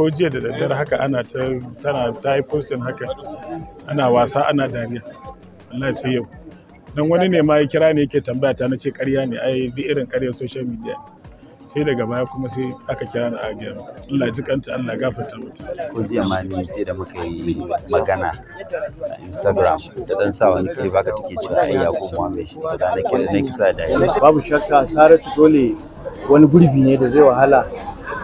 ko jiya da daddare haka ana tana ta yi postin haka ana wasa ana dariya Allah sai yau dan wani ne ma ya kira ne yake tambaya ta nace ƙarya ne ai bi irin ƙarya social media sai daga baya kuma sai aka kira ni a Allah ji kanta Allah gafarta mutu. ko jiya ma ne sai da muka yi magana a Instagram da dan sa wani kai baka take cewa ai mu Muhammad shi da na kira ne kisa da babu shakka Saratu dole wani gurbi ne da zai wahala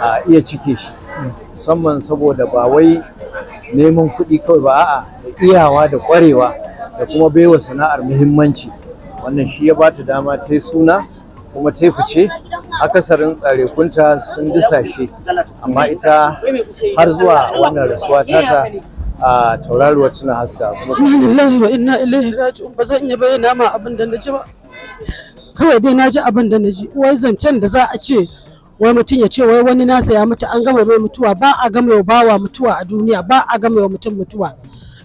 a iya cike shi musamman saboda ba wai neman kuɗi kawai ba a'a da iyawa da ƙwarewa da kuma baiwa sana'ar muhimmanci wannan shi ya ba ta dama ta yi suna kuma ta fice akasarin tsarekunta sun dusashe amma ita har zuwa wannan rasuwa ta a tauraruwa tana haska kuma lillahi wa inna ilaihi raji'un ba zan iya bayyana ma abin da ji ba kawai dai na ji abin da ji wai zancen da za a ce wai mutum ya ce wai wani nasa ya mutu an gama mai mutuwa ba a gama wa bawa mutuwa a duniya ba a gama wa mutum mutuwa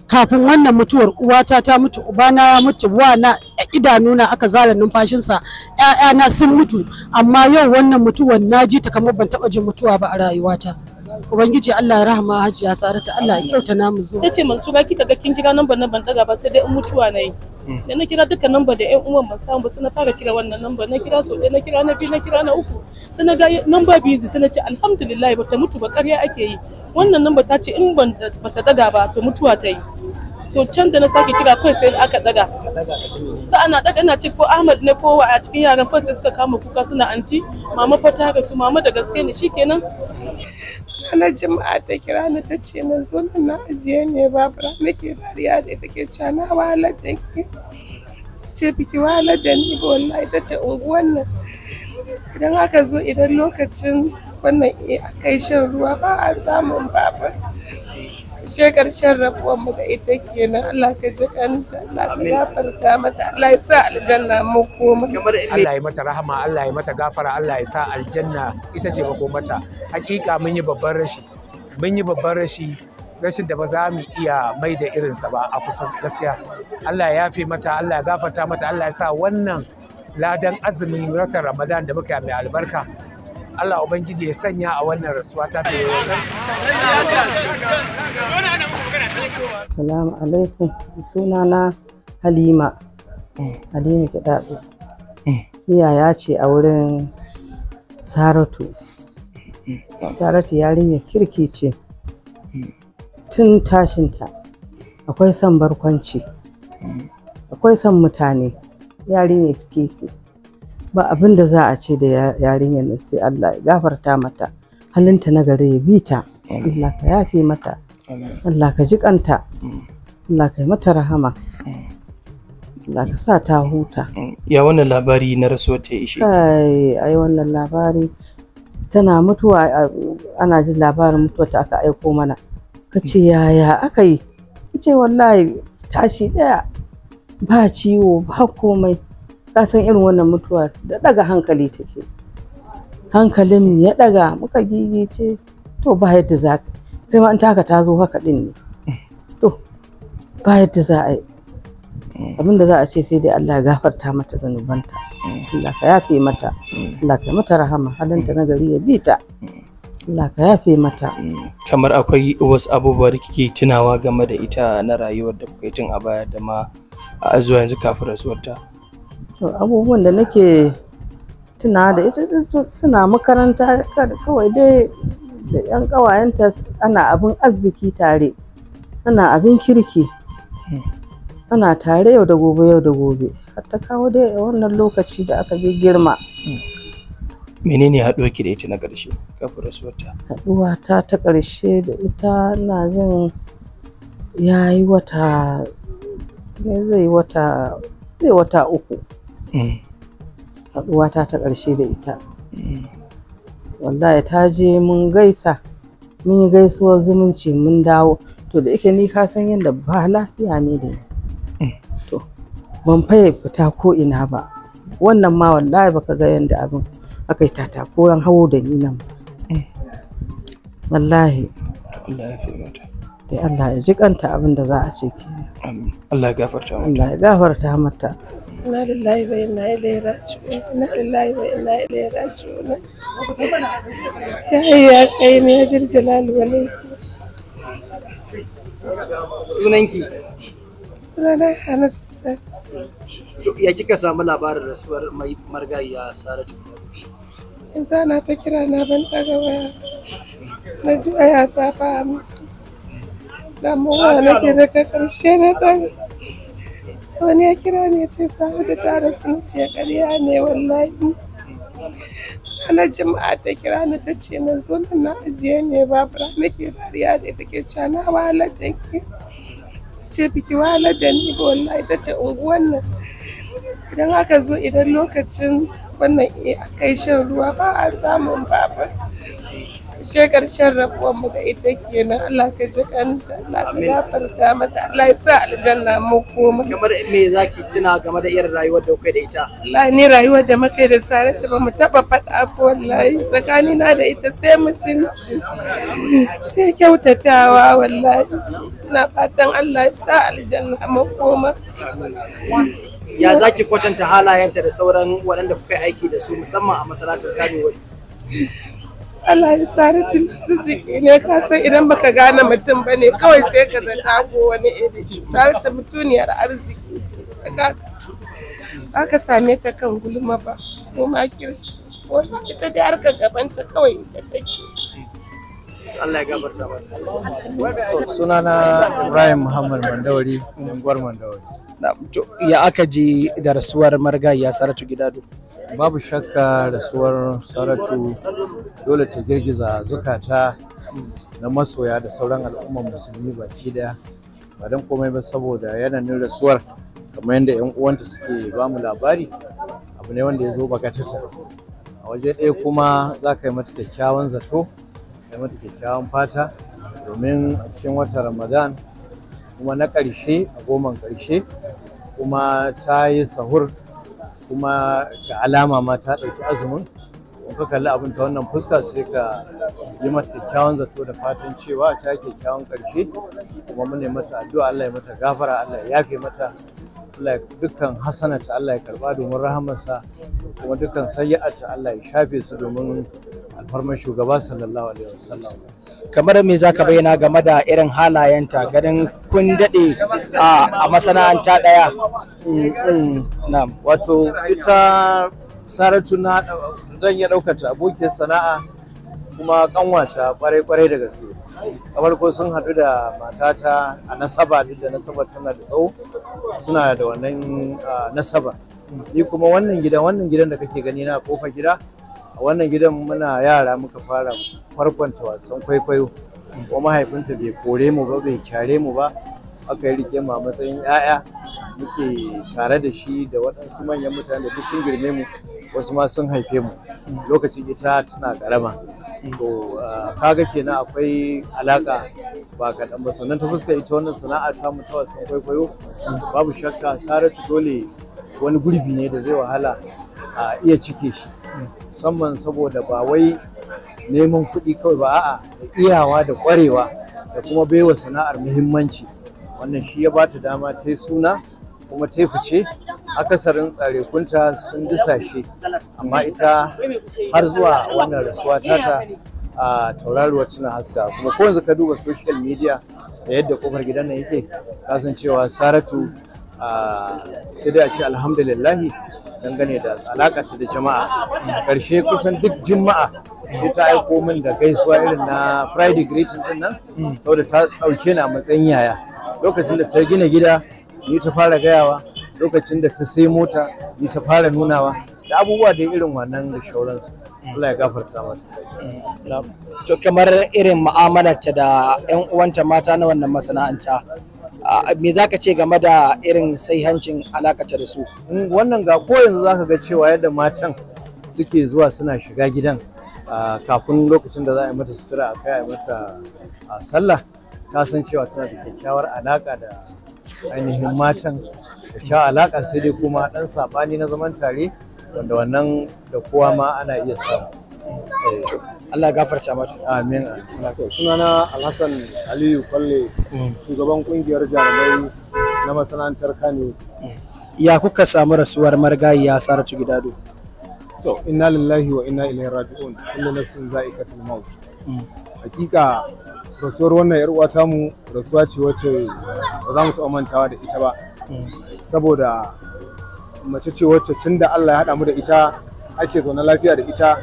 kafin wannan mutuwar uwata ta mutu ubana ya mutu na idanuna aka zara numfashinsa na sun mutu amma yau wannan mutuwar na ji ta kamar ban taba jin mutuwa ba a rayuwata ubangiji Allah ya rahama hajiya sarata Allah ya kyauta namu zuwa tace mansuba kika ga kin jira nan ban ban daga ba sai dai in mutuwa nayi da na kira duka namba da yan uwan ban samu ba na fara kira wannan namba na kira so na kira na biyu na kira na uku sai ga namba busy na ce alhamdulillah bata mutu ba ƙarya ake yi wannan namba ta ce in ban bata daga ba to mutuwa ta yi to can da na sake kira kawai sai aka daga ta ana daga ina ce ko ahmad ne ko a cikin yaran kawai sai suka kama kuka suna anti mama fa ta su mama da gaske ne shikenan ranar jima'a ta kira ni ta ce na zo nan na ajiye ne babura nake dariya da ke cewa na wahalar da ke ce biki wahalar da ni ba wallahi ta ce unguwan nan idan aka zo idan lokacin wannan a kai shan ruwa ba a samun babur she karshen rabuwar mu da ita kenan Allah ka ji kanta Allah ka gafarta mata Allah ya sa aljanna mu koma Allah ya mata rahama Allah ya mata gafara Allah ya sa aljanna ita ce ba mata. hakika mun yi babban rashi mun yi babban rashi rashin da ba za mu iya mai da irinsa ba a kusan gaskiya Allah ya yafe mata Allah ya gafarta mata Allah ya sa wannan ladan azumin watan Ramadan da muka yi mai albarka Allah Ubangiji ya sanya a wannan rasuwa ta Salamu alaikum na, Halima eh, Halima Kidaɗo eh, iyaya ce a wurin Saratu eh, Saratu yarinya kirki ce tun tashinta akwai son barkwanci akwai son mutane yarinya kirki ba abin da za a ce da yarinyar nan sai Allah ya gafarta mata halinta na gare ya bi ta Allah ka yafe mata Allah ka jikanta mm. Allah ka yi mata rahama mm. Allah ka sa ta huta mm. ya wannan labari na rasuwa ta ishe kai ai wannan labari tana mutuwa ana jin labarin mutuwa ta aka aiko mana kace yaya aka yi ka wallahi tashi daya ba ciwo ba komai ka san irin wannan mutuwa da daga hankali take hankalin ya daga muka gigice to ba yadda za ka kai ma in taka ta zo haka din ne to ba yadda za a yi eh. abin da za a ce sai dai Allah ya gafarta mata zanubanta eh. Allah ka yafe mata eh. Allah ka mata rahama halinta na gari ya bi ta Allah ka yafe mata kamar akwai wasu abubuwa da kike tunawa game da ita na rayuwar da kuka tun a baya da ma a zuwa yanzu kafin rasuwarta to abubuwan da nake tuna da ita suna makaranta kawai dai da 'yan ƙawayenta ana abin arziki tare ana abin kirki ana tare yau da gobe yau da gobe har ta kawo dai wannan lokaci da aka girma menene haɗuwa ki da ita na ƙarshe kafin rasuwarta haɗuwa ta ta ƙarshe da ita na jin ya yi wata zai wata zai wata uku Eh. haɗuwata ta ƙarshe da ita eh. wallahi ta je mun gaisa mun yi gaisuwar zumunci mun dawo to da yake ni ka san yadda ba lafiya ne da ni eh. to ban faye fita ko ina ba wannan ma wallahi baka ga yadda abin aka yi tatakoran hawo da ni nan wallahi Allah ya fi mata sai Allah ya ji kanta abin da za a ce ke Allah ya gafarta mata Allah ya gafarta mata inna lillahi wa inna ilaihi raji'un inna lillahi wa inna ilaihi raji'un ya hayya kai ne ya jirjilal sunanki sunana Hanas to ya kika samu labarin rasuwar mai margayiya Saratu in sana ta kira na ban daga waya na ji waya ta fa musu damuwa nake daga karshe na dan wani ya kira ni ya ce sahu da tara sun ce ƙarya ne wallahi Ana jama'a ta kira ni ta ce na zo na ajiye ne babura nake dariya ne take cewa na wahalar da ke ce biki wahala da ni ba wallahi ta ce unguwan nan idan aka zo idan lokacin wannan eh, a kai shan ruwa ba a samun babur she karshen rabuwar mu da ita kenan Allah ka ji kanta Allah ka gafarta mata Allah ya sa aljanna mu koma kamar me zaki tuna game da irin rayuwar da kai da ita Allah ni rayuwar da muke da Saratu ba mu taba faɗa ko wallahi tsakani na da ita sai mutunci sai kyautatawa wallahi ina fatan Allah ya sa aljanna mu koma ya zaki kwatanta halayenta da sauran waɗanda kuka yi aiki da su musamman a masana'antar kamewa Allah ya tun arziki ne ka san idan baka gane mutum ba ne kawai sai ka zata ko wani iri ta mutuniyar arziki ka same ta kan gulma ba ko ma makirci ko ita dai harka gaban ta kawai ita take Allah ya gabarta mata. Sunana Ibrahim Muhammad Mandawari, unguwar Mandawari. Ya aka ji da rasuwar marigayya Saratu Gidado. babu shakka rasuwar saratu dole ta girgiza zukata na masoya da sauran al'ummar musulmi baki daya ba don komai ba saboda yananin rasuwar kamar yadda 'yan uwanta suke ba mu labari abu ne wanda ya zo bakatata a waje ɗaya kuma za ka yi mata kyakkyawan zato ka yi mata kyakkyawan fata domin a cikin wata ramadan kuma na ƙarshe a goman ƙarshe kuma ta yi sahur kuma ga alama ma ta ɗauki azumin in ka kalli abin ta wannan fuska sai ka yi mata kyakkyawan zato da fatan cewa ta kyakkyawan ƙarshe kuma mu mata addu'a Allah ya mata gafara Allah ya yafe mata dukkan hasanata Allah ya karba domin rahamarsa kuma dukkan sayyata Allah ya shafe su domin alfarmar shugaba sallallahu alaihi wasallam kamar me zaka bayyana game da irin halayenta ganin kun dade a masana'anta daya mm, mm, wato ita saratu na zan ya ɗaukata abokin sana'a kuma kanwata kwarai-kwarai da gaske a farko sun haɗu da matata a nasaba duk da nasaba tana da tsawo suna da wannan nasaba ni kuma wannan gidan wannan gidan da kake gani na kofa gida a wannan gidan muna yara muka fara farkonta wasan kwaikwayo kuma mahaifinta bai kore mu ba bai kyare mu ba aka yi rike ma matsayin 'ya'ya muke tare da shi da waɗansu manyan mutane da duk sun girme mu wasu ma sun haife mu lokacin ita tana karama to ah, kaga kenan akwai alaka ba kaɗan ba sannan ta fuska ita wannan sana'a ta mu ta wasan kwaikwayo babu shakka saratu dole wani gurbi ne da zai wahala a iya cike shi musamman saboda ba wai neman kuɗi kawai ba a'a da iyawa da ƙwarewa da kuma baiwa sana'ar muhimmanci wannan shi ya bata dama ta yi suna kuma tefu ce akasarin tsare kunta sun dusashe amma ita har zuwa wannan rasuwa ta a tauraruwa tana haska kuma ko yanzu ka duba social media da yadda kofar gidan na yake kasancewa saratu sai dai a ce alhamdulillahi dangane da alakata da jama'a karshe kusan duk juma'a sai ta aiko min da gaisuwa irin na friday greeting din nan saboda ta dauke ni a matsayin yaya lokacin da ta gina gida ni ta fara gayawa lokacin da ta sai mota ni ta fara nunawa da abubuwa da irin wannan da shauransu Allah ya gafarta mata to kamar irin ta da yan uwanta mata na wannan masana'anta me zaka ce game da irin sai hancin alakata da su mm, wannan ga ko yanzu zaka ga cewa yadda matan suke zuwa suna shiga gidan kafin lokacin da za a yi mata sutura a kai a mata sallah ka san cewa tana da kyakkyawar alaka da ainihin matan da kyau alaƙa sai dai kuma ɗan saɓani na zaman tare wanda wannan da kowa ma ana iya samu. Eh, Allah ya gafarta mata. Amin. Sunana Alhassan Aliyu Kwalle, shugaban ƙungiyar jarumai na masana'antar Kano. Ya kuka samu rasuwar margayiya Saratu Gidado? To, inna lillahi wa inna ilaihi raji'un. Kullu nafsin za'iqatul maut. Mm. Hakika rasuwar wannan yar uwa tamu rasuwa ce wacce ba za mu taɓa mantawa da ita ba saboda mace ce wacce tun da Allah ya haɗa mu da ita ake zaune lafiya da ita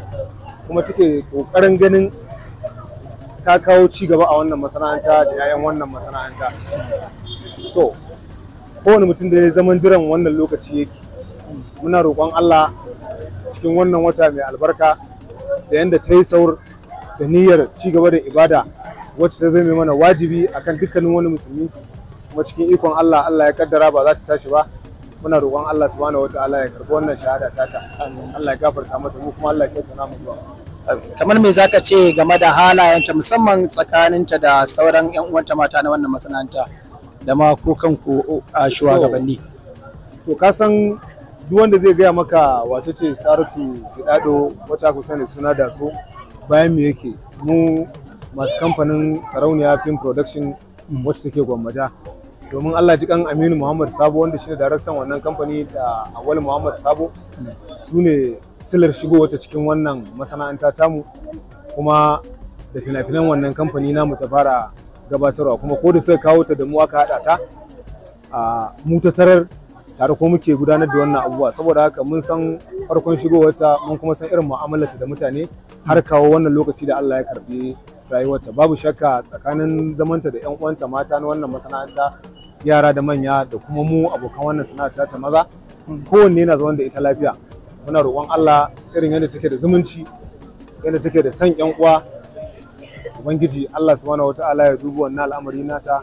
kuma take ƙoƙarin ganin ta kawo ci gaba a wannan masana'anta da 'ya'yan wannan masana'anta to kowane mutum da ya zaman jiran wannan lokaci yake muna roƙon Allah cikin wannan wata mai albarka da yadda ta yi saur da niyyar ci gaba da ibada wacce ta zai mana wajibi akan dukkanin wani musulmi kuma cikin ikon Allah Allah ya kaddara ba za ta tashi ba muna roƙon Allah subhanahu wataala ya karɓi wannan shahada ta ta Allah ya gafarta mata mu kuma Allah ya kaita namu zuwa kamar me zaka ce game da halayenta musamman tsakaninta da sauran yan uwanta mata na wannan masana'anta da ma ku kanku uh, a shugabanni to ka san duk wanda zai gaya maka wato ce Saratu Gidado wata ku sani suna da su bayan me yake mu masu kamfanin sarauniya film production wacce take gwammaja domin allah ji kan aminu muhammad sabo wanda shi ne daraktan wannan kamfani da Awali muhammad sabo su ne silar shigo wata cikin wannan masana'anta tamu kuma da fina-finan wannan kamfani namu ta fara gabatarwa kuma ko da suka kawo ta da mu aka haɗa ta a mu ta tarar tare ko muke gudanar da wannan abubuwa saboda haka mun san farkon shigowarta mun kuma san irin mu'amalarta da mutane har kawo wannan lokaci da Allah ya karbi rayuwarta babu shakka tsakanin zamanta da 'yan uwanta mata na wannan masana'anta yara da manya da kuma mu abokan wannan sana'ata ta maza kowanne na zaman da ita lafiya muna roƙon Allah irin yadda take da zumunci yadda take da san 'yan uwa ubangiji Allah subhanahu wata'ala ya duba wannan al'amari nata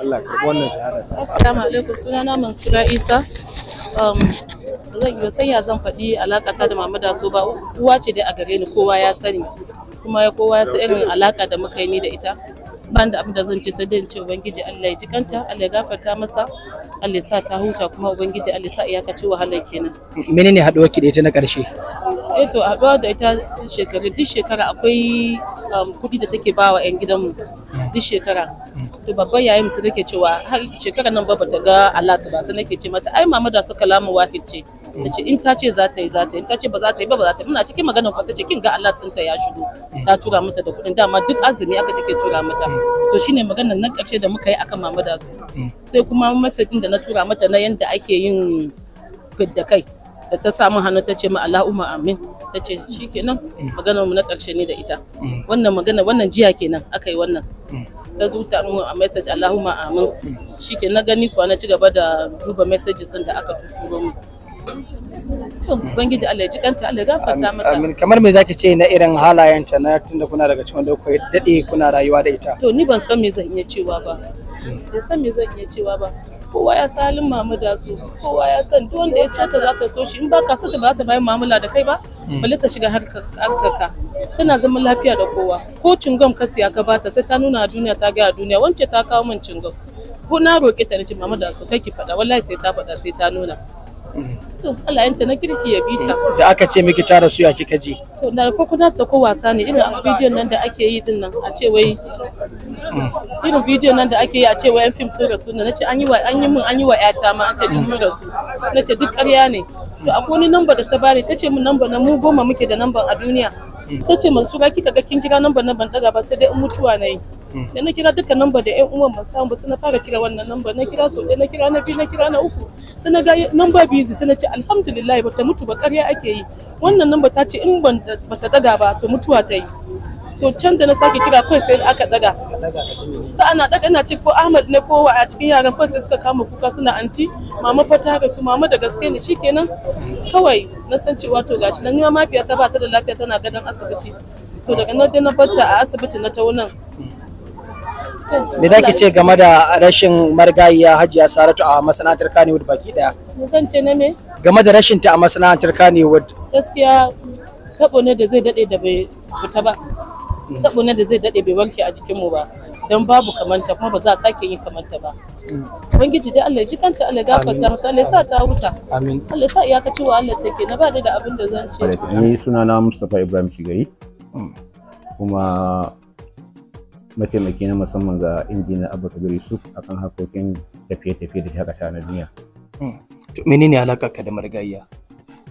Allah ya karɓi wannan shahada ta Assalamu alaikum sunana Mansura Isa um, zan yi sanya zan faɗi alaƙata da Mamada so ba uwa ce dai a gare ni kowa ya sani kuma kowa ya san irin alaka da muka yi ni da ita ban da abin da zan ce sai dai ce ubangiji Allah ya jikanta Allah ya gafarta mata Allah ya sa ta huta kuma ubangiji Allah ya sa iyakaci wahala kenan menene haduwar ki da ita na karshe eh to haduwa da ita duk shekara duk shekara akwai um, kuɗi da take bawa yan gidanmu duk shekara to babban yayin su nake cewa har shekara nan ba ta ga Allah ta ba sai nake ce mata ai mama da suka lamu wafi ce ce in ta ce za ta yi za ta yi in ta ce ba za ta yi ba ba za ta yi muna cikin magana ko ta ce kin ga Allah tsinta ya shigo ta tura mata da kuɗin dama duk azumi aka take tura mata to shine maganar nan ƙarshe da muka yi akan mama da su sai kuma masajin da na tura mata na yanda ake yin fidda kai da ta samu hannu ta ce ma "Allah Umma amin ta ce shikenan maganar mu na ƙarshe ne da ita wannan magana wannan jiya kenan aka yi wannan ta rubuta mu a message Allahumma amin ke na gani kuwa na ci gaba da duba messages din da aka tuturo mu to ubangiji Allah ya ji kanta Allah ya gafarta mata amin kamar me zaka ce na irin halayen ta na tunda kuna daga cikin da kuka dade kuna rayuwa da ita to ni ban san me zan iya cewa ba ban san me zan iya cewa ba kowa ya san halin mamu da su kowa ya san duk wanda ya so ta za ta so shi in ba ka so ta ba za ta bayan mamula da kai ba hmm. bali ta shiga ka, tana zama lafiya da kowa ko cingam ka siya ka bata sai ta nuna a duniya ta gaya duniya wance ta kawo min cingam ko na roƙe ta na ce mama da su kai ki faɗa wallahi sai ta faɗa sai ta nuna to Allah yanta na kirki ya bita da aka ce miki ta rasu ya kika ji to da farko na sako wasa ne irin bidiyon nan da ake yi din nan a ce wai irin bidiyon nan da ake yi a ce wai yan fim sun rasu na ce an yi wa an yi min an yi wa yata ma an ce duk mun rasu na ce duk ƙarya ne to akwai wani namba da ta bani ta ce min namba na mu goma muke da namban a duniya ta ce mansura kika ga kin kira namba na ban daga ba sai dai in mutuwa na yi da na kira duka namba da yan uwan ban samu sai na fara kira wannan namba na kira so na kira na biyu na kira na uku sai na ga namba busy sai na ce alhamdulillah ta mutu ba ƙarya ake yi wannan namba ta ce in ban ta daga ba to mutuwa ta yi to can da na sake kira kawai sai aka daga ta ana daga ina ce ko ahmad ne ko a cikin yaran kawai sai suka kama kuka suna anti mama fa ta su mama da gaske ne shikenan kawai na san cewa to gashi nan ma mafiya ta ba ta da lafiya tana gadan asibiti to daga nan dai na fata a asibiti na ta wannan me da ki ce game da rashin margayiya hajiya saratu a masana'antar Kaniwood baki daya zan ce na me game da rashin ta a masana'antar Kaniwood. gaskiya tabo ne da zai dade da bai fita ba tabo na da zai dade bai warke a jikin mu ba dan babu kamanta kuma ba za a sake yin kamanta ba ubangiji dai Allah ya ji kanta Allah gafarta mata Allah ya sa ta huta amin Allah ya sa iyaka wa Allah take na ba da abin da zan ce ni sunana Mustafa Ibrahim Shigari hmm. kuma mataimaki na musamman ga injiniya Abba Kabir Yusuf akan hakokin tafiye-tafiye da shakata na duniya hmm. to menene alaka ka da margayya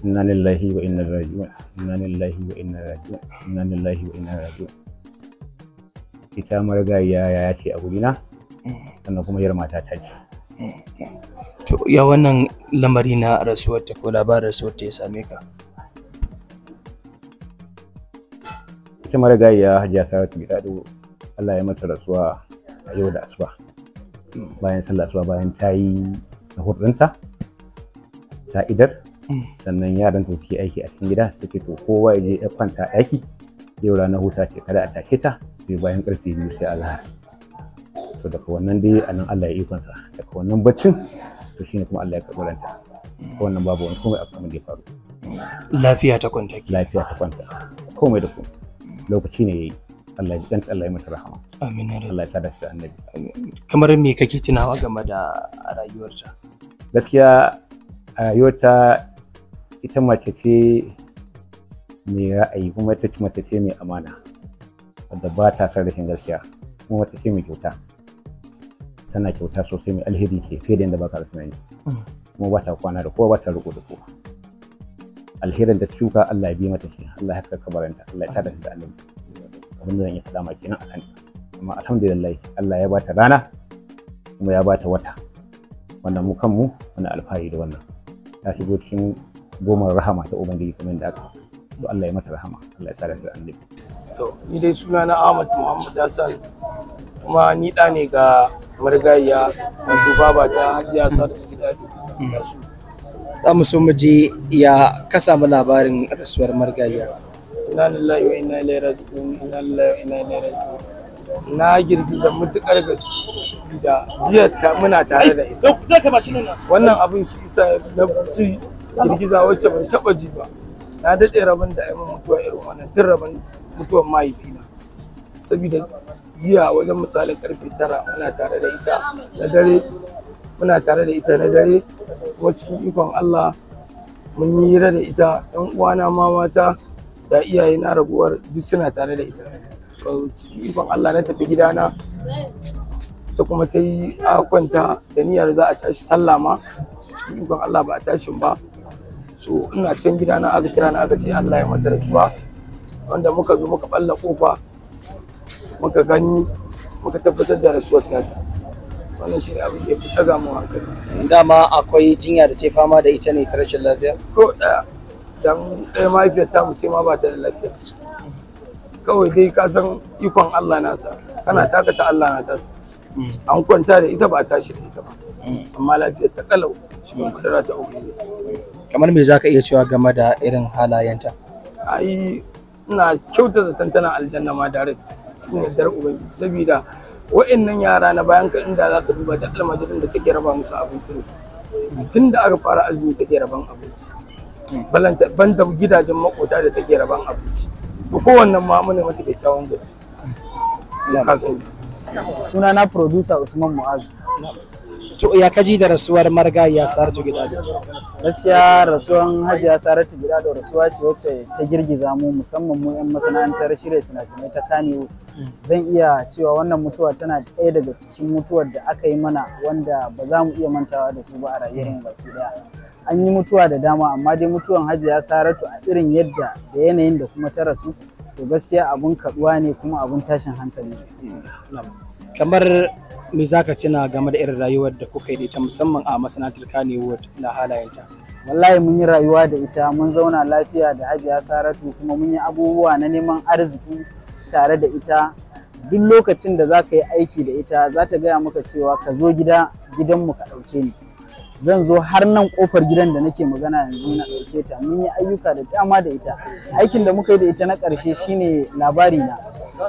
inna lillahi wa inna ilaihi raji'un inna lillahi wa inna raji'un inna lillahi wa inna raji'un ita marga ya ce a gurina eh. sannan kuma yar mata ta ce eh, to ya wannan lamari na rasuwar ta ko labarin rasuwar ta ya same ka ita ya hajiya ta ta gidado Allah ya mata rasuwa a yau da asuba hmm. bayan sallah asuba bayan ta yi na ɗinta ta idar hmm. sannan yaran ta suke aiki a cikin gida suke to kowa ya je ya kwanta aiki yau ranar huta ce kada a tashe ta bai bayan karfe biyu sai lahar to daga wannan dai a nan Allah ya ikonsa daga wannan baccin to shine kuma Allah ya karɓi ranta wannan babu wani komai abu da ya faru lafiya ta kwanta lafiya ta kwanta komai da komai lokaci ne yayi Allah ya kanta Allah ya mata rahama amin Allah ya da shi annabi kamar me kake tunawa game da rayuwarta gaskiya a rayuwarta ita mace ce mai ra'ayi kuma ita mace ce mai amana wadda ba ta son rashin gaskiya kuma wata ce mai kyauta tana kyauta sosai mai alheri ce fiye da yadda ba ka sunani kuma ba ta kwana da kowa ba ta riko da kowa alherin da shuka Allah ya bi mata shi Allah ya saka kabaranta Allah ya tada shi da annabi abin da zan yi faɗa ma kenan akan amma alhamdulillah Allah ya bata rana kuma ya bata wata wannan mu kanmu muna alfahari da wannan ta shigo cikin goma rahama ta ubangiji kamar da aka to Allah ya mata rahama Allah ya shi da annabi to ni dai suna na ahmad muhammad hassan kuma ni da ne ga marigayya wato baba ta hajiya sadatu Gida da mm. su za mu so mu je ya ka samu labarin rasuwar marigayya inna lillahi wa inna ilaihi raji'un inna lillahi wa inna ilaihi raji'un na girgiza mutukar gaske da jiya ta muna tare da ita wannan abin shi isa na ji girgiza wacce ban taba ji ba na daɗe rabin da ai mutuwa irin wannan tun rabin mutuwar mahaifina saboda jiya wajen misalin karfe tara muna tare da ita na dare muna tare da ita na dare kuma cikin ikon Allah mun yi hira da ita yan uwana ma mata da iyaye na raguwar duk suna tare da ita cikin ikon Allah na tafi gidana ta kuma ta yi a kwanta da niyyar za a tashi sallah ma cikin ikon Allah ba a tashin ba so ina can gidana aka kira na aka ce Allah ya mata rasuwa wanda muka zo muka balla kofa muka gani muka tabbatar da rasuwar tata wannan shi ne abin da ya fi daga mu hankali dama akwai jinya da ta fama da ita ne ta rashin lafiya ko ɗaya dan ɗaya mahaifiyar ta mu ce ma ba ta da lafiya kawai dai ka san ikon Allah nasa kana taka ta Allah na tasa an kwanta da ita ba a tashi da ita ba amma lafiyar ta kalau cikin kudura ta ubangiji kamar me zaka iya cewa game da irin halayenta ai ina kyautata tantana aljanna ma dare cikin yardar ubangiji saboda wa'annan yara na bayan ka inda za ka duba da almajirin da take raba musu abinci ne tun da aka fara azumi take raban abinci ban da gidajen makota da take raban abinci to wannan ma mun ne mata kyakkyawan gari sunana producer usman mu'azu to ya kaji da rasuwar ya saratu da gaskiya rasuwan hajiya saratu da rasuwa ce wacce ta girgiza mu musamman mu yan masana'antar shirya fina-finai ta kane zan iya cewa wannan mutuwa tana ɗaya daga cikin mutuwar da aka yi mana wanda ba za mu iya mantawa da su ba a rayuwar baki daya an yi mutuwa da dama amma dai mutuwan hajiya saratu a irin yadda da yanayin da kuma ta rasu to gaskiya abun kaduwa ne kuma abun tashin hankali kamar me za ka tuna game da irin rayuwar da kuka yi da ita musamman a masana'antar kanewood na halayenta wallahi mun yi rayuwa da ita mun zauna lafiya da hajiya saratu kuma mun yi abubuwa na neman arziki tare da ita duk lokacin da za ka yi aiki da ita za ta gaya maka cewa ka zo gida gidanmu ka ɗauke ni zan zo har nan kofar gidan da nake magana yanzu na ɗauke ta mun yi ayyuka da dama da ita aikin da muka yi da ita na ƙarshe shine labari na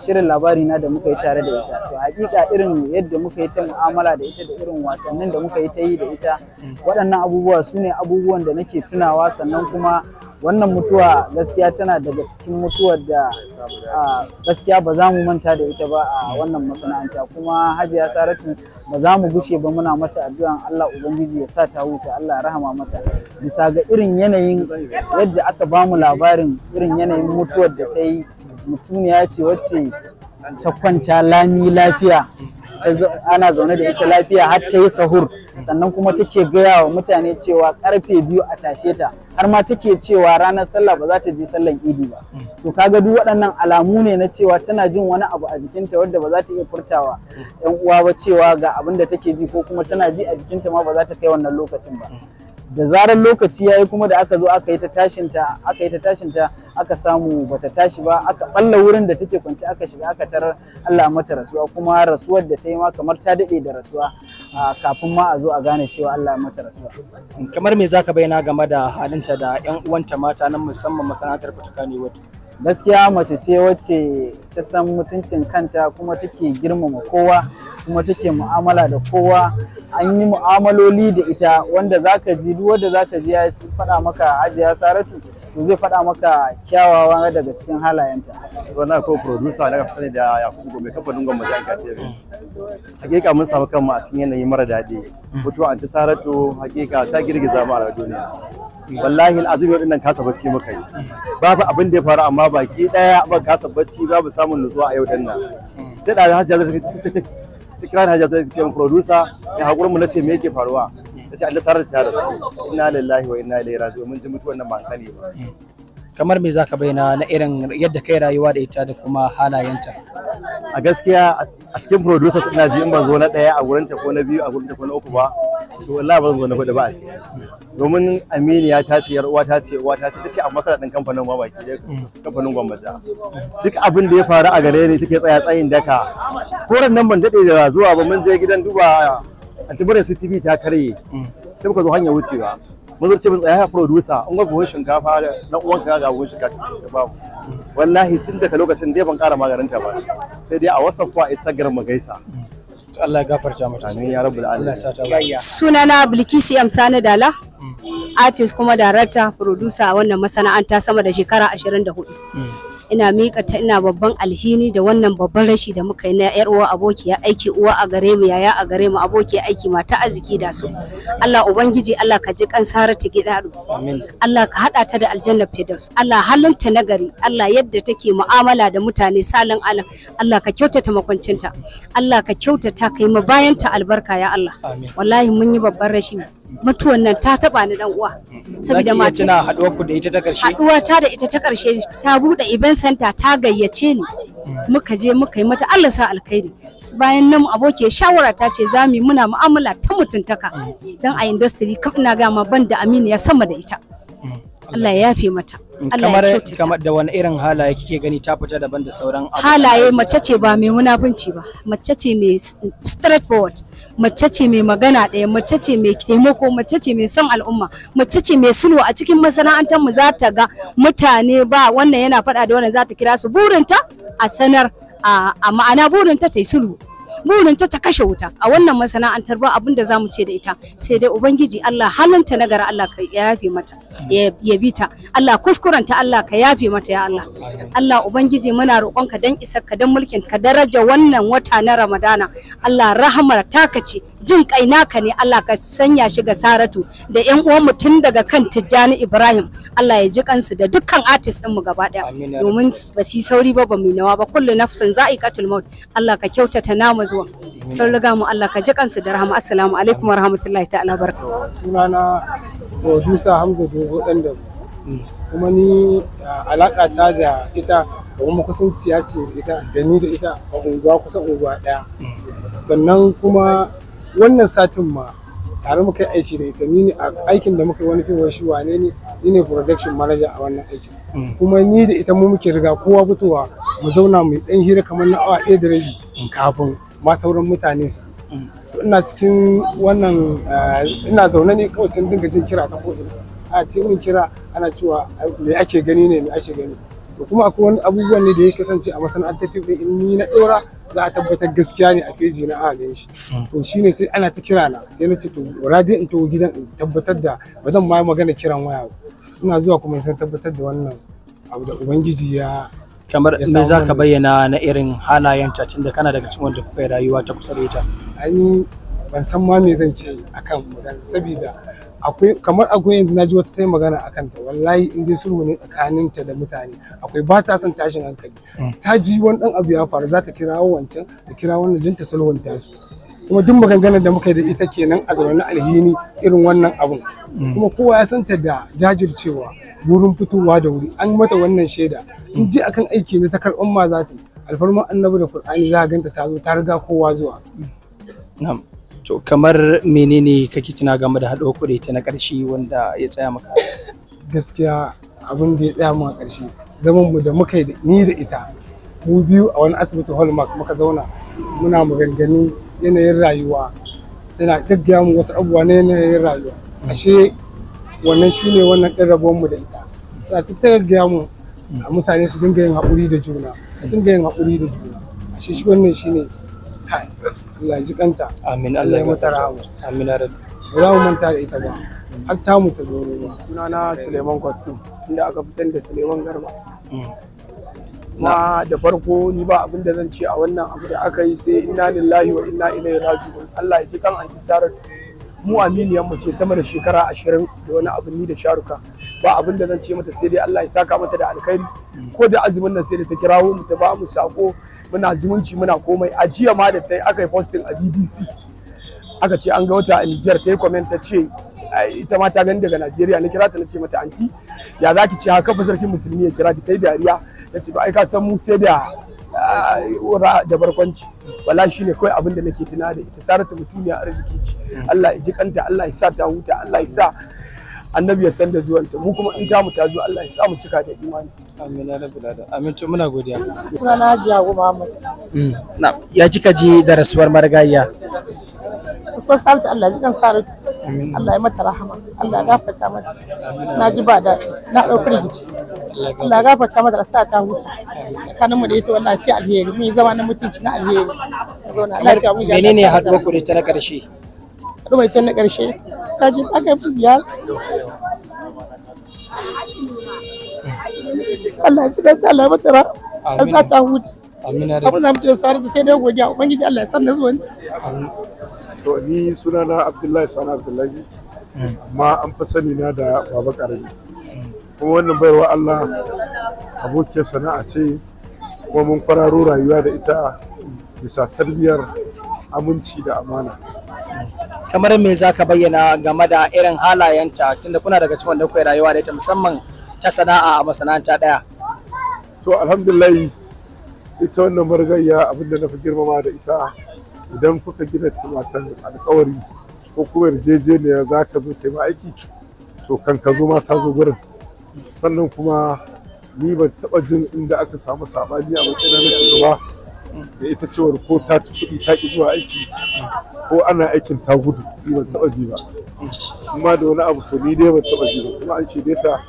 shirin labari na da muka yi tare da ita to hakika irin yadda muka yi ta mu'amala da ita da irin wasannin da muka yi ta yi da ita waɗannan abubuwa su ne abubuwan da nake tunawa sannan kuma wannan mutuwa gaskiya tana daga cikin mutuwar da gaskiya ba za mu manta da ita ba a wannan masana'anta kuma hajiya saratu ba za mu gushe ba muna mata addu'an Allah ubangiji ya sa ta huta Allah rahama mata bisa ga irin yanayin yadda aka ba mu labarin irin yanayin mutuwar da ta yi mutuniya ce wacce ta kwanta lami lafiya ana zaune da ita lafiya har ta yi sahur sannan kuma take gaya wa mutane cewa karfe biyu a tashe ta har ma take cewa ranar sallah ba za ta je sallan idi ba to kaga duk waɗannan alamu ne na cewa tana jin wani abu a jikinta wadda ba za ta iya furtawa yan uwa ba cewa ga abin da take ji ko kuma tana ji a jikinta ma ba za ta kai wannan lokacin ba da zarar lokaci yayi kuma da aka zo aka yi ta tashinta aka yi ta ta aka samu bata tashi ba aka balla wurin da take kwance aka shiga aka tarar Allah mata rasuwa kuma rasuwar da ta yi ma kamar ta dade da rasuwa kafin ma a zo a gane cewa Allah mata rasuwa kamar me zaka bayyana game da halinta da yan uwanta mata nan musamman masana'antar kutukani wadda gaskiya mace ce wacce ta san mutuncin kanta kuma take girmama kowa kuma take mu'amala da kowa an yi mu'amaloli da ita wanda zaka ji duk wanda zaka ji ya faɗa maka ajiya saratu to zai faɗa maka kyawawa daga cikin halayenta suna ko producer na kafin da yakubu gobe kamfanin gwamnati an kafe hakika mun samu kanmu a cikin yanayi mara daɗi mutuwa Anta saratu hakika ta girgiza mu a duniya wallahi al'azim azumi dinnan kasa bacci muka yi babu abin da ya faru amma baki daya ba kasa bacci babu samun nutsuwa a yau nan sai da hajjia ta kira hajjia ta ce mun producer ya hakuri mu nace me yake faruwa ta Allah sarar ta rasu inna lillahi wa inna ilaihi raji'un mun ji mutuwan nan ba ba kamar me zaka bayyana na irin yadda kai rayuwa da ita da kuma halayenta a gaskiya a cikin producers ina ji in ban zo na daya a gurin ta ko na biyu a gurin ta ko na uku ba to wallahi ban zo na hudu ba a ce domin aminiya ta ce yar uwa ta ce uwa ta ce tace a masara din kamfanin baki da kamfanin gwamnati duk abin da ya faru a gare ni take tsaya tsayin daka koran nan ban dade da zuwa ba mun je gidan duba antibarin CTV ta karye sai muka zo hanya wucewa mazar ce tsaya ya producer an ga buhun shinkafa da na uwan ka ga buhun shinkafa ba wallahi tun daga lokacin dai ban kara maganin ta ba sai dai a WhatsApp ko a Instagram mu gaisa Allah ya gafarta mata amin ya rabbul alamin sunana bilkisi Amsani Dala mm. artist kuma director producer a wannan masana'anta sama da shekara 24 ina miƙa ta ina babban alhini da wannan babban rashi da muka yi na yar uwa abokiya aiki uwa a gare mu yaya a gare mu abokiya aiki mata arziki da su Allah ubangiji Allah ka ji kan Saratu Gidado Allah ka hada ta da aljanna fidaus Allah halinta na gari Allah yadda take mu'amala da mutane salan alam Allah ka kyautata makwancinta Allah ka kyautata kai bayanta albarka ya Allah wallahi mun yi babban rashi mutuwan nan ta taba ni dan uwa hmm. saboda ma tana haduwa ku da ita ta karshe haduwa ta da ita ta karshe ta bude event center ta gayyace ni hmm. muka je muka yi mata Allah sa alkhairi bayan nan aboke shawara ta ce za mu muna mu'amala ta mutuntaka hmm. dan a industry kafin na ga ma ban da aminu ya sama da ita Allah ya yafe mata mm, kamar kamar da wani irin halaye kike gani ta fita daban da sauran halaye mace ce ba mai munafunci ba mace ce mai straightforward mace ce mai magana ɗaya mace ce mai taimako mace ce mai son al'umma mace ce mai sulhu a cikin masana'antar mu za ta ga mutane ba wannan yana faɗa da wannan za ta kira su burinta a sanar a ma'ana burinta ta yi sulhu muninta ta ta kashe wuta a wannan masana'antar ba abin da zamu ce da ita sai dai ubangiji Allah halanta na gari Allah ka yafe mata ya bi ta Allah kuskuranta Allah ka yafe mata ya Allah Allah ubangiji muna ka dan ka dan mulkin ka daraja wannan wata na Ramadana Allah rahmar ta kace jin kai naka ne Allah ka sanya shi ga Saratu da ƴan uwan mutum daga kan Tijjani Ibrahim Allah ya ji kansu da dukkan artist ɗinmu gaba ɗaya domin ba su sauri ba ba mu nawa ba kullu nafsin za'iqatul maut Allah ka kyautata namu zuwa sun riga mu Allah ka ji kansu da rahama assalamu alaikum wa rahmatullahi ta'ala barka sunana producer Hamza Dogo dan da kuma ni alaka ta da ita kuma kusanciya ce da ita da ni da ita a unguwa kusan unguwa daya sannan kuma wannan satin ma tare muka aiki da ita ni ne a aikin da muka yi wani fim shi wane ne ni ne production manager a wannan aikin kuma ni da ita mu muke riga kowa fitowa mu zauna mu dan hira kamar na awa ɗaya da rabi kafin ma sauran mutane su mm. ina cikin wannan eh, ina zaune ne kawai sun dinga jin kira ta ko'ina a timin kira ana cewa me ake gani ne me ake gani to kuma akwai wani abubuwan ne da ya kasance a masana'antar fim in ni na ɗora za a tabbatar gaskiya ne a feji na a shi mm. to shine sai ana ta kira na sai na ce to radi in to gidan in tabbatar da ba zan ma magana kiran waya ina zuwa kuma in san tabbatar da wannan abu da ubangiji ya kamar me za ka bayyana na irin halayen ta tunda kana daga cikin wanda kuka rayuwa ta kusa da ita ani ban san ma me zan ce akan magana saboda akwai kamar akwai yanzu na ji wata ta magana akan ta wallahi in dai sulhu ne ta da mutane akwai ba ta son tashin hankali mm. ta ji wani dan abu ya faru za ta kira wancan da kira wannan jinta sulhun ta su kuma duk maganganar da muka yi da ita kenan a zaune alhini irin wannan abun mm. kuma kowa ya santa da jajircewa wurin fitowa da wuri an mata wannan shaida mm. in ji akan aiki ne ta karɓar ma za ta yi alfarman annabi da kur'ani za ganta ta zo ta riga kowa zuwa na'am to kamar menene kake tuna game da haɗo kuɗi ta na ƙarshe wanda ya tsaya maka gaskiya abin da ya tsaya mu a ƙarshe zaman mu da muka yi ni da ita mu biyu a wani asibiti hallmark muka zauna muna maganganun yanayin rayuwa tana gaggaya mu wasu abubuwa na yanayin rayuwa ashe wannan shine wannan ɗin rabuwar mu da ita ta ta gaggaya mu mutane su dinga yin haƙuri da juna a dinga yin haƙuri da juna ashe shi wannan shine Allah ya ji kanta amin Allah ya mata rahama amin ya rabu ba manta da ita ba har mu ta zo ruwa sunana Suleiman Kwastum inda aka fi sani da Suleiman Garba mm. kuma da farko ni ba abin da zan ce a wannan abu da aka yi sai inna lillahi wa inna ilaihi raji'un Allah ya ji kan anti saratu mu aminiyan mu ce sama da shekara ashirin da wani abu ni da sharuka ba abin da zan ce mata sai dai Allah ya saka mata da alkhairi mm. ko da azumin nan sai da ta kirawo mu ta ba mu sako muna zumunci muna komai a jiya ma da ta aka yi posting a BBC aka ce an ga wata a Niger ta yi comment ta ce ita ma ta gani daga Najeriya na kira ta na ce mata anti ya za ki ce haka fa sarkin musulmi ya kira ki ta yi dariya ta ce ba ai ka san mu sai da ah, da barkwanci wala shine kawai abin da nake tuna da ita sarata mutuniya arziki ce Allah ya ji kanta Allah ya sa ta huta Allah ya sa annabi ya san da zuwan ta mu kuma in ta mu ta zo Allah ya sa mu cika da imani amin ya rabbi da amin to muna godiya sunana Jago Muhammad mm. na ya kika ji da rasuwar margayya Usman Allah ji kan Allah ya mata rahama. Allah ya gafarta mata. Na ji ba da na ɗauki rigici. Allah ya gafarta mata da sa ta huta. Tsakanin mu da ita wallahi sai alheri. Mun zama na mutunci na alheri. Zauna lafiya mun ji. Menene ku da ta na ƙarshe? ta na ƙarshe. Ta ji ta kai ziyara. Allah ya Allah mata sa ta huta. Amina. Abin da mutum ya sa da sai dai godiya Ubangiji Allah ya san na to ni sunana abdullahi sana abdullahi amma an fi sani na da baba karami kuma wannan baiwa allah abokiyar sana'a ce kuma mun kwararo rayuwa da ita bisa tarbiyyar aminci da amana kamar me za ka bayyana game da irin halayenta tunda kuna daga cikin wanda kuwa rayuwa da ita musamman ta sana'a a masana'anta ɗaya to alhamdulillah ita wannan margayya abinda na fi girmama da ita idan kuka gina tumatar alkawari ko kuma yarjejeniya za ka zo kai aiki to kan ka zo mata ta zo gurin sannan kuma ni ban taba jin inda aka samu sabani a matsayin na shugaba da ita cewar ko ta ci kuɗi ta ki zuwa aiki ko ana aikin ta gudu ni ban taba ji ba kuma da wani abu to ni dai ban taba ji ba kuma an shaide ta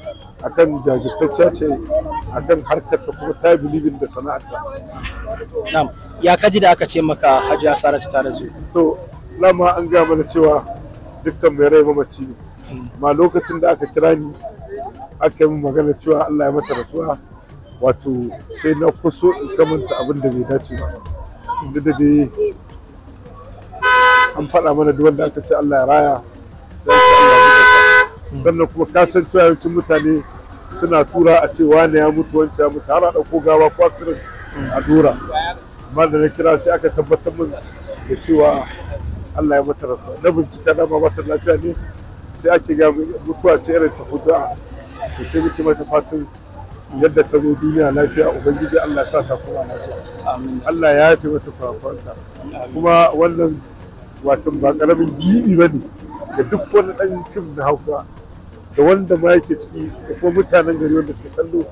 akan jagirtacciya ce akan harkar ta kuma ta bilibin da sana'arta. Nam, ya kaji da aka ce maka Hajiya Saratu ta rasu. To, lama an ga mana cewa dukkan mai rai mamaci ne. Hmm. Ma lokacin da aka kira ni aka yi magana cewa Allah ya mata rasuwa wato sai na kuso in kamanta abin da bai dace ba. Inda da dai an faɗa mana duk wanda aka ce Allah ya raya sai Allah ya sannan kuma ka san cewa yawancin mutane suna tura a cewa wane ya mutu wancan ya mutu har a ɗauko gawa ko accident a dora amma da na kira sai aka tabbatar min da cewa Allah ya mata rasuwa na bincika dama mata lafiya ne sai ake ga mutuwa ce irin ta a to sai muke mata fatan yadda ta zo duniya lafiya ubangiji Allah ya sa ta kuma lafiya Allah ya yafe mata kwakwanta kuma wannan watan ba karamin gibi ba ne da duk wani ɗan fim na hausa da wanda ma yake ciki da kuma mutanen gari wanda suke kallo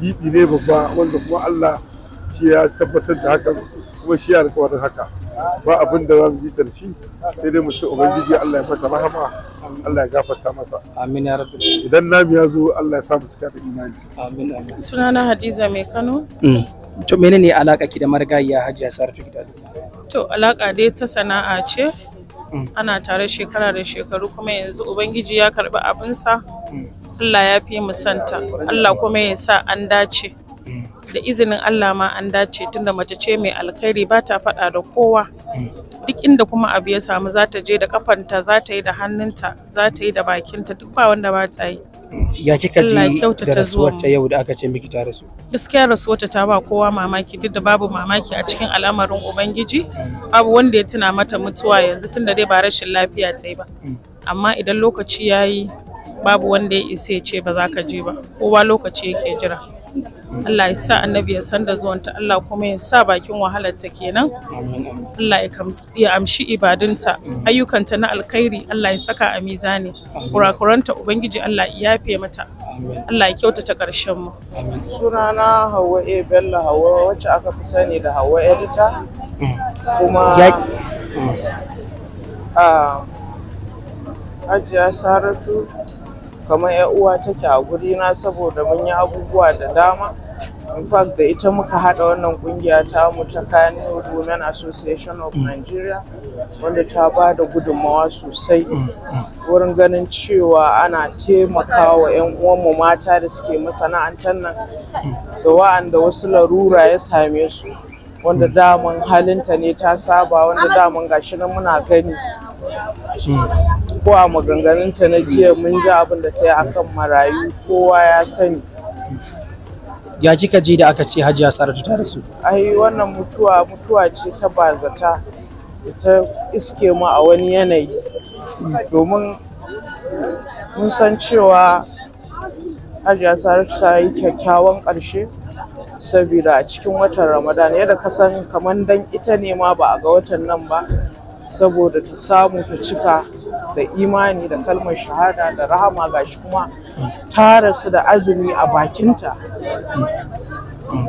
jibi ne babba wanda kuma Allah shi ya tabbatar da hakan kuma shi ya alƙawarin haka ba abin da za mu bitar shi sai dai musu ubangiji Allah ya fata rahama Allah ya gafarta masa amin ya rabbi idan nami ya zo Allah ya samu cika da imani amin amin sunana Hadiza mai Kano mm. to menene alaka ki da marigayiya Hajiya Saratu Gidado to alaka dai ta sana'a ce ana tare shekara da shekaru kuma yanzu ubangiji ya karbi abinsa Allah ya fi mu santa Allah kuma ya sa an dace da izinin Allah ma an dace tunda mace ce mai alkhairi ba ta faɗa da kowa duk inda kuma abu ya samu za ta je da kafanta za ta yi da hannunta za ta yi da bakinta duk ba wanda ba ta yi ya kika ji da rasuwar ta yau da aka ce miki ta rasu gaskiya rasuwar ta ba kowa mamaki duk da babu mamaki a cikin al'amarin ubangiji babu wanda ya tuna mata mutuwa yanzu tunda dai ba rashin lafiya ta yi ba mm. amma idan lokaci ya yi babu wanda ya isa ya ce ba za ka je ba kowa lokaci yake jira Allah ya sa annabi ya san da zuwanta Allah kuma ya sa bakin wahalar ta kenan Allah ya amshi ibadunta ayyukanta na alkhairi Allah ya saka a mizani kurakuranta ubangiji Allah ya yafe mata Allah ya kyautata karshen mu sunana Hawwa E Bello Hawwa wacce aka fi sani da Hawwa Edita mm. kuma a ah, Ajiya Saratu kamar yan uwa take a gurina saboda mun yi abubuwa da dama in fact da ita muka hada wannan kungiya ta mu ta Kano Women Association of mm. Nigeria wanda ta ba da gudummawa sosai mm, mm. wurin ganin cewa ana taimakawa 'yan uwanmu mata da suke masana'antar nan da wa'anda wasu larura ya same su wanda daman halinta ne ta saba wanda daman gashi nan muna gani Hmm. ko a maganganunta na jiya mun ji abin da ta yi a kan marayu kowa ya sani ya kika ji da aka ce hajiya saratu ta rasu ai wannan mutuwa mutuwa ce ta bazata ta iske mu a wani yanayi domin mun san cewa hajiya saratu ta yi kyakkyawan ƙarshe saboda a cikin watan ramadan yadda ka san kamar dan ita ne ma ba a ga watan nan ba saboda ta samu ta cika da imani da kalmar shahada da rahama gashi kuma ta rasu da azumi a bakinta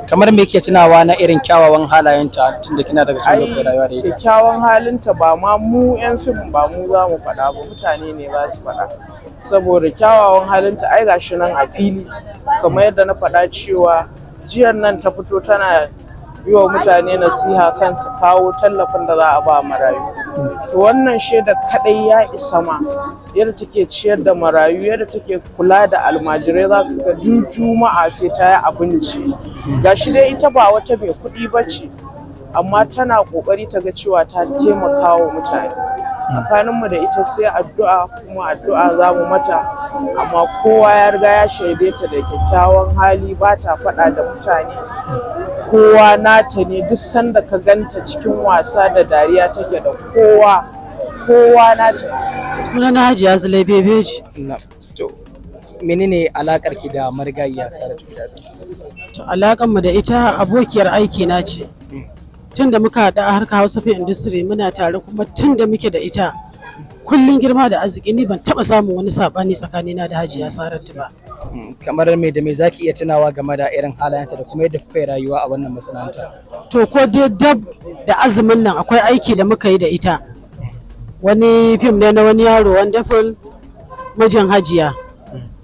kamar me ke tunawa na irin kyawawan halayenta tun da kina daga sun da rayuwa da ita kyawawan halinta ba ma mu yan fim ba mu za mu faɗa ba mutane ne ba su faɗa saboda kyawawan halinta ai gashi nan a fili kamar yadda na faɗa cewa jiyan nan ta fito tana yi wa mutane nasiha kan su kawo tallafin da za a ba marayu to wannan shaida kadai ya isa ma yadda take ciyar da marayu yadda take kula da almajirai za ka ga duk juma'a sai ta yi abinci Ga shi dai ita ba wata mai kuɗi ba ce amma tana kokari ta ga cewa ta taimaka wa mutane tsakaninmu da ita sai addu'a kuma addu'a za mu mata amma kowa ya riga ya shaide ta da kyakkyawan hali ba ta faɗa da mutane kowa nata ne duk sanda ka ganta cikin wasa da dariya take da kowa kowa nata suna na hajiya zule bebeji to menene alakar ki da marigayiya saratu da to alakar mu da ita abokiyar aiki na ce hmm. tun da muka haɗu a harkar hausa industry muna tare kuma tun da muke da ita kullun girma da arziki ni ban taba samun wani sabani tsakanina da hajiya saratu ba mm, kamar me da me zaki iya tunawa game da irin halayenta da kuma yadda kuka yi rayuwa a wannan masana'anta to ko dai dab da azumin nan akwai aiki da muka yi da ita wani fim ne na wani yaro wonderful mijin hajiya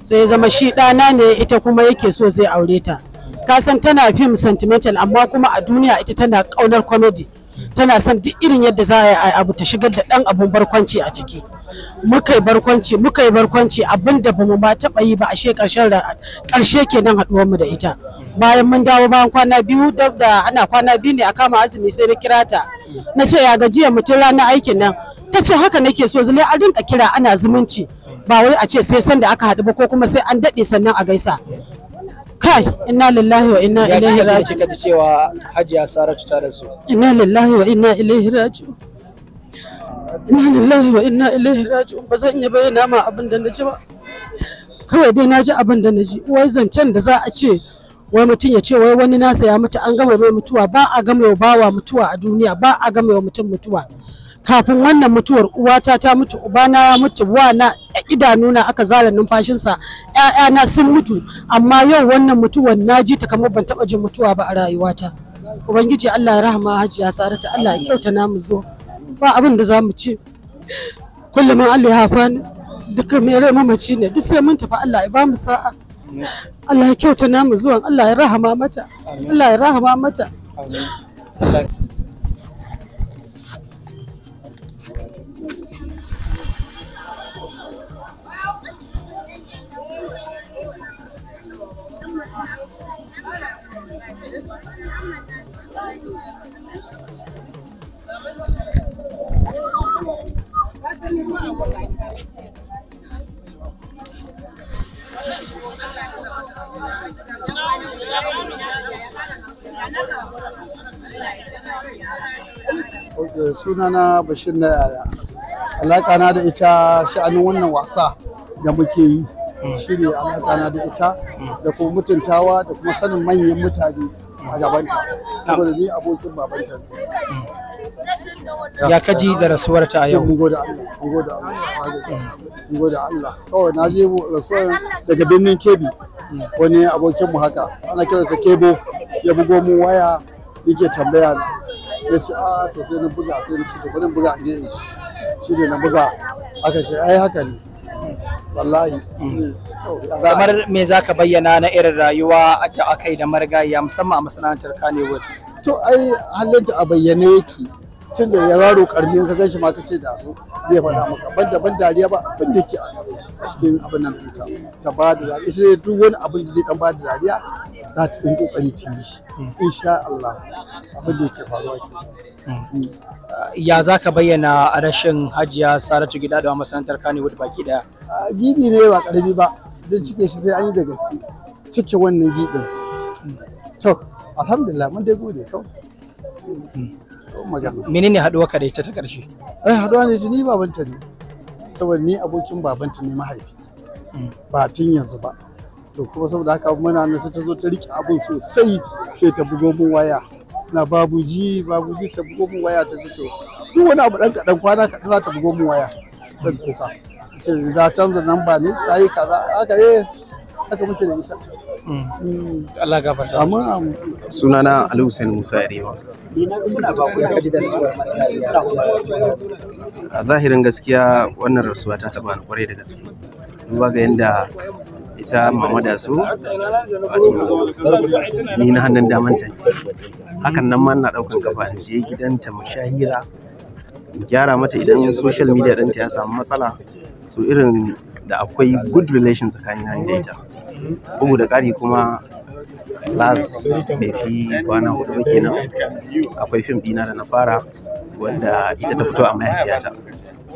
sai zama shi ɗana ne ita kuma yake so zai aure ta Kasan tana fim sentimental amma kuma a duniya ita tana ƙaunar comedy tana son duk irin yadda za a yi abu ta shigar da ɗan abun barkwanci a ciki muka yi barkwanci muka yi barkwanci abin da mu ma taɓa yi ba a she ƙarshen ƙarshe kenan haɗuwar mu da ita bayan mun dawo bayan kwana biyu da ana kwana biyu ne a kama azumi sai na kira ta na ce ya gajiya mutum ranar aikin nan ta ce haka nake so zai a rinka kira ana zumunci ba wai a ce sai sanda aka haɗu ba ko kuma sai an daɗe sannan a gaisa kai inna lillahi wa inna ilaihi raji'un ya kika ji cewa hajiya saratu ta rasu inna lillahi wa inna ilaihi raji'un inna lillahi wa inna ilaihi raji'un ba zan iya bayyana ma abin da naji ba kawai dai naji abin da naji wai zancen da za a ce wai mutum ya ce wai wani nasa ya mutu an gama mai mutuwa ba a gama wa bawa mutuwa a duniya ba a gama wa mutum mutuwa kafin wannan mutuwar uwata ta mutu ubana ya mutu na idanuna aka zara numfashinsa ƴaƴana sun mutu amma yau wannan mutuwar naji ta kamar ban taɓa jin mutuwa ba a rayuwata ubangiji Allah ya rahama hajiya sarata Allah ya kyauta na mu zo ba abin da zamu ce kullum Allah ya hafa ni duka mu mamaci ne duk sai mun tafi Allah ya ba mu sa'a Allah ya kyauta na mu zuwan Allah ya rahama mata Allah ya rahama mata sunana bashir na yaya alaka na da ita sha'anin wannan wasa da muke yi mm. shi ne na da ita mm. da kuma mutuntawa da kuma sanin manyan mutane a gabanta saboda ni abokin babanta ya kaji da rasuwar ta yau mun gode Allah mun gode Allah mun gode Allah kawai na je rasuwar daga birnin Kebbi mm. wani abokin mu haka ana kiransa Kebo ya bugo mu waya yake tambaya ya ce a ah, to sai na buga sai na ce to bari buga ne shi shi ne na buga aka ce ai haka ne wallahi kamar me za ka bayyana na irin rayuwa da aka yi da marigayya musamman a masana'antar kanewood to ai da a bayyane yake tun da yaro karmi ka gan shi ma ka ce da su zai fara maka ban da ban dariya ba abin da ke a cikin abin nan tuta ta ba da dariya sai duk wani abin da zai dan ba da dariya za ta ɗin kokari ta yi shi insha Allah abin da yake faruwa ke hmm. ya za ka bayyana rashin hajiya saratu gida da kani wadda baki daya gibi ne ba karami ba don cike shi sai an yi da gaske cike wannan gibin to alhamdulillah mun dai gode kawai hmm. magana menene haduwa ka ita ta karshe eh haduwa ne ni babanta ne saboda ni abokin babanta ne mahaifi mm. ba tun yanzu ba to kuma saboda haka muna nan sai ta zo ta rike abun sosai sai ta bugo mun waya na babuji babuji ta bugo mun waya ta ce to duk wani abu dan kadan kwana kaɗan za ta bugo mun waya dan koka ce da canza namba ne ta yi kaza haka eh haka muke da ita Allah gafarta amma sunana Ali Hussein Musa Yarewa a zahirin gaskiya wannan rasuwa ta taba ni kwarai da gaske duba ga yanda ita mama da su wato ni na hannun damanta hakan nan ma na daukan kafa in je gidanta mu in gyara mata idan social media ɗinta ya samu matsala su irin da akwai good relation tsakanin hanyar data bugu da ƙari kuma las bai fi kwana hudu ba kenan akwai fim ɗina da na fara wanda ita ta fito a mahaifiyata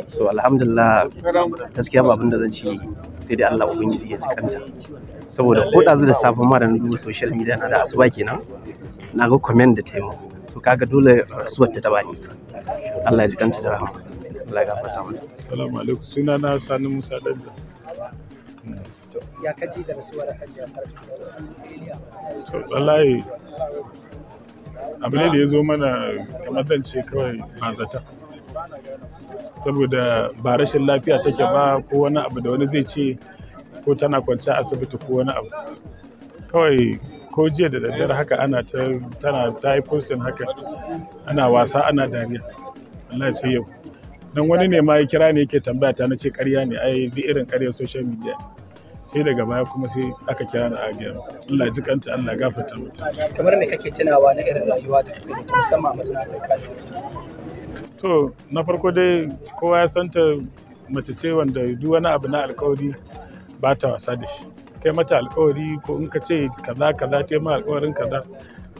so alhamdulillah gaskiya ba abin da zan ci sai dai Allah ubangiji ya jikanta saboda ko ɗazu da sabon mara na duba social media na da asuba kenan na ga comment da taimako so kaga dole rasuwar ta ta bani Allah ya jikanta da rahama Allah ya gafarta mata assalamu alaikum suna na Sani Musa Danda ya kaji da rasuwar hajiya sarki to wallahi abu ne da ya zo mana kamar zan ce kawai ba zata saboda ba rashin lafiya take ba ko wani abu da wani zai ce ko tana kwanci asibiti ko wani abu kawai ko jiya da daddare haka ana ta tana ta yi haka ana wasa ana dariya Allah sai yau don wani ne ma ya kira ne yake tambaya ta na ce karya ne ai bi irin karya social media sai daga baya kuma sai aka kira na agiyar Allah ji kanta Allah gafarta mutum kamar me kake tunawa na irin rayuwa da kuma musamman a masana'antar kaji to na farko dai kowa ya santa mace ce wanda duk wani abu na alkawari ba ta wasa da shi kai mata alkawari ko in ka ce kaza kaza ta ma alkawarin kaza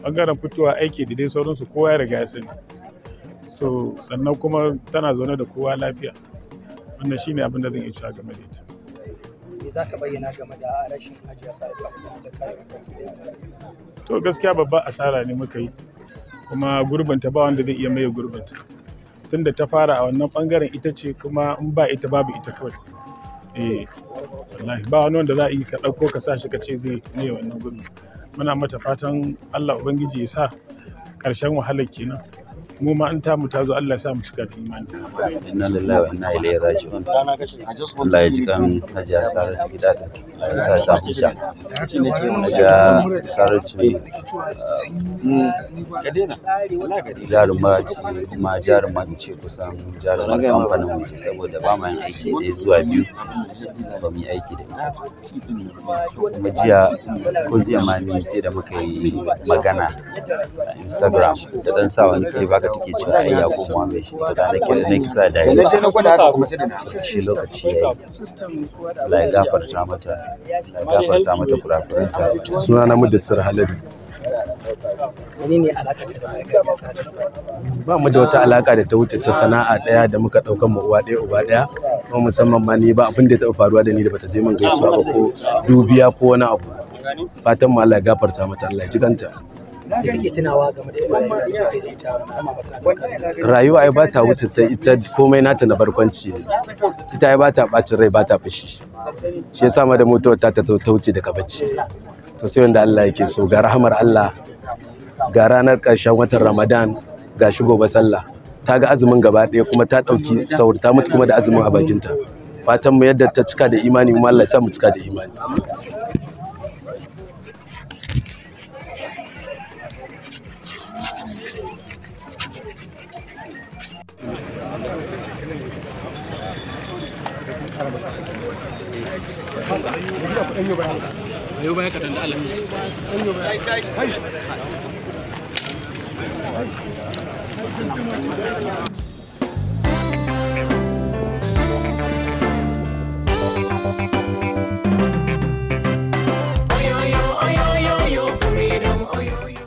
bangaren fitowa aiki da dai sauransu kowa ya riga ya sani so sannan kuma tana zaune da kowa lafiya wannan shine abin da zan iya cewa game da ita me za ka bayyana game da rashin ajiya sarrafa ta kare to gaskiya babban asara ne muka yi kuma ta ba wanda zai iya maye ta. tunda ta fara a wannan bangaren ita ce kuma in ba ita babu ita kawai eh wallahi ba wani wanda za a yi ka ɗauko ka sa shi ka ce zai ne wannan gurbin muna mata fatan Allah ubangiji ya sa ƙarshen wahalar kenan mu ma an tamu ta zo Allah sa mu shiga da imani inna lillahi wa inna ilaihi raji'un Allah ya ji kan hajiya Saratu gida da ya sa ta huta hajiya Saratu eh, jaruma ce kuma jaruma ce kusan jaruma kamfanin mu ce saboda ba mu yin aiki dai zuwa biyu ba mu yi aiki da ita kuma jiya ko jiya ma ni sai da muka yi magana a Instagram da dan sa wani kai haka take cewa ai ya koma mai shi to da nake da nake sa da yi na je na gwada kuma sai da shi lokaci yayi Allah ya gafarta mata ya gafarta mata kurakuran ta suna na sir halabi ba mu da wata alaka da ta wuce ta sana'a daya da muka daukan mu uwa daya uba daya kuma musamman ma ni ba abin da ya taɓa faruwa da ni da bata je min gaisuwa ba ko dubiya ko wani abu fatan mu Allah ya gafarta mata Allah ya ji rayuwa ya bata wuce ta ita komai nata na barkwanci ita ai bata bacin rai bata fashi. shi yasa ma da motar ta ta ta wuce daga bacci to sai wanda Allah yake so ga rahamar Allah ga ranar ƙarshen watan Ramadan ga shi gobe sallah ta ga azumin gaba ɗaya kuma ta ɗauki saur ta mutu kuma da azumin a bakinta fatan mu yadda ta cika da imani kuma Allah mu cika da imani ayo baya Oyo, oyo, oyo, freedom,